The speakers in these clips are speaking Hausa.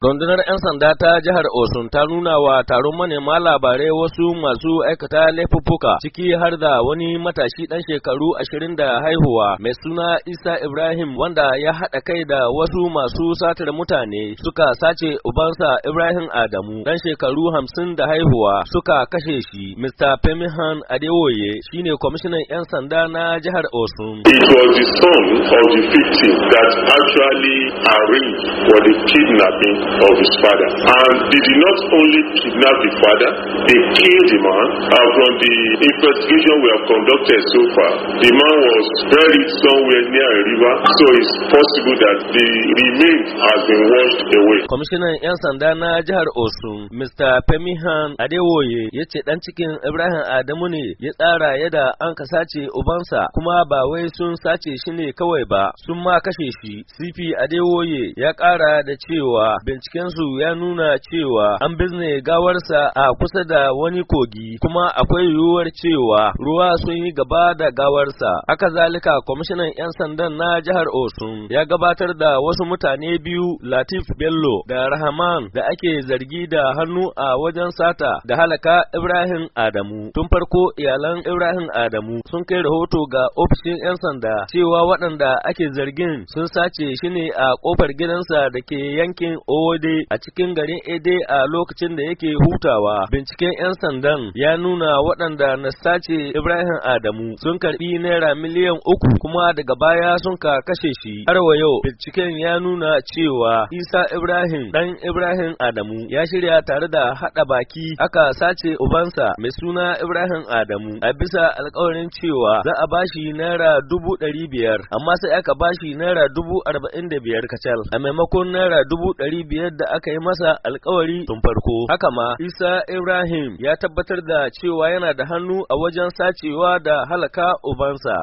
Rundunar 'yan sanda ta jihar Osun ta nuna wa taron manema labarai wasu masu aikata laifuffuka ciki har da wani matashi ɗan shekaru ashirin da haihuwa mai suna Isa Ibrahim wanda ya haɗa kai da wasu masu satar mutane suka sace ubansa Ibrahim Adamu ɗan shekaru hamsin da haihuwa suka kashe shi. Mr. Femihan Adewoye shine kwamishinan 'yan sanda na jihar Osun. It was the son of the victim that actually arranged for the kidnapping of his father. And they did not only kidnap the father, they killed the man. And from the investigation we have conducted so far, the man was buried somewhere near a river, so it's possible that the remains has been washed away. Commissioner 'yan sanda na jihar Osun, Mr. pemihan Adewoye, ya ce ɗan cikin Ibrahim Adamu ne ya tsara yadda an ka sace ubansa, kuma ba wai sun sace shi ne kawai ba, sun ma kashe shi. CP Adewoye ya ƙara da cewa bincikensu ya nuna cewa an bizne gawarsa a kusa da wani kogi kuma akwai yiwuwar cewa ruwa sun yi gaba da gawarsa. Haka zalika kwamishinan 'yan sandan na jihar Osun ya gabatar da wasu mutane biyu Latif Bello da Rahman da ake zargi da hannu a wajen sata da halaka Ibrahim Adamu. Tun farko iyalan Ibrahim Adamu sun kai rahoto ga ofishin 'yan sanda cewa waɗanda ake zargin sun sace shi ne a ƙofar gidansa da ke yankin Owo ode a cikin garin Ede a lokacin da yake hutawa. Binciken 'yan sandan ya nuna waɗanda na sace Ibrahim Adamu sun karɓi naira miliyan uku kuma daga baya sun ka kashe shi. Har wa yau binciken ya nuna cewa Isa Ibrahim ɗan Ibrahim Adamu ya shirya tare da haɗa baki aka sace ubansa mai suna Ibrahim Adamu a bisa alkawarin cewa za a bashi naira dubu ɗari biyar amma sai aka bashi naira dubu arba'in da biyar kacal a maimakon naira dubu ɗari biyar yadda aka yi masa alkawari tun farko. Haka ma Isa Ibrahim ya tabbatar da cewa yana da hannu a wajen sacewa da halaka ubansa.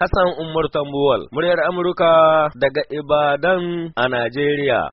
Hassan Umar Tambuwal, muryar Amurka daga Ibadan a Najeriya.